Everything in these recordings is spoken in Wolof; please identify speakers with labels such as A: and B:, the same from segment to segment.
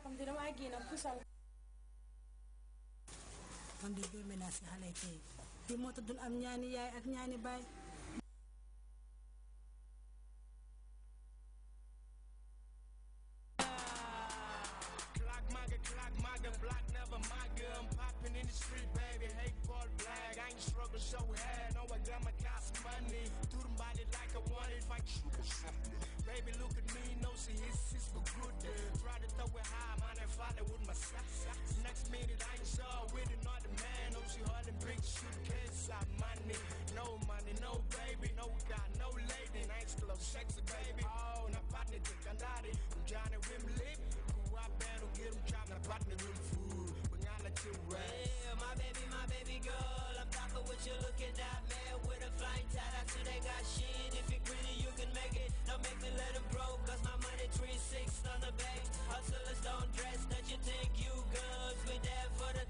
A: yaakam di damaa génn pusal man di jooy ménage si xale yi tey lii moo tax dun am ñaani yaay ak ñaani baay
B: partner dick kanari Mjane wim lip Kuwa benu girum chap na partner wim fool Bungala chill right Yeah, my baby, my baby girl I'm talking with you looking at Man with a flying tie, that's who they got shit If you greedy, you can make it Don't make me let him grow Cause my money 3-6 on the bank Hustlers don't dress That you think you girls We there for the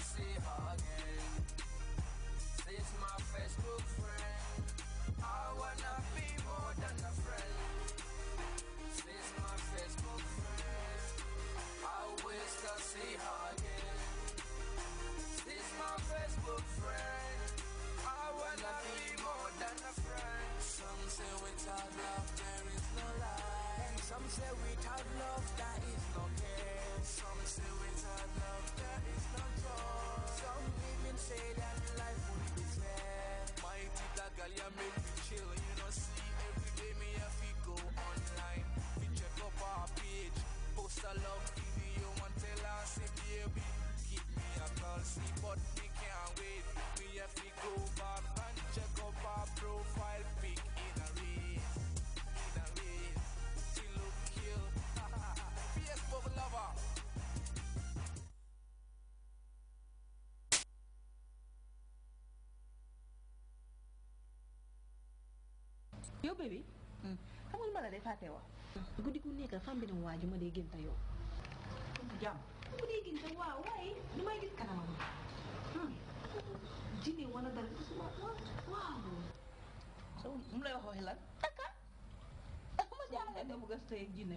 B: see her again. Since my Facebook friend.
A: yow bébé hmm. xam nga lu ma la defaatee wax guddi gu nekk fam bi na waa ma dee génta yow jàmm mu dee génta waaw waaye du may gis kanamam hmm. jinne wala dara waaw mu lay wax waxi lan takka ma jàmm nga dem nga sëy jinne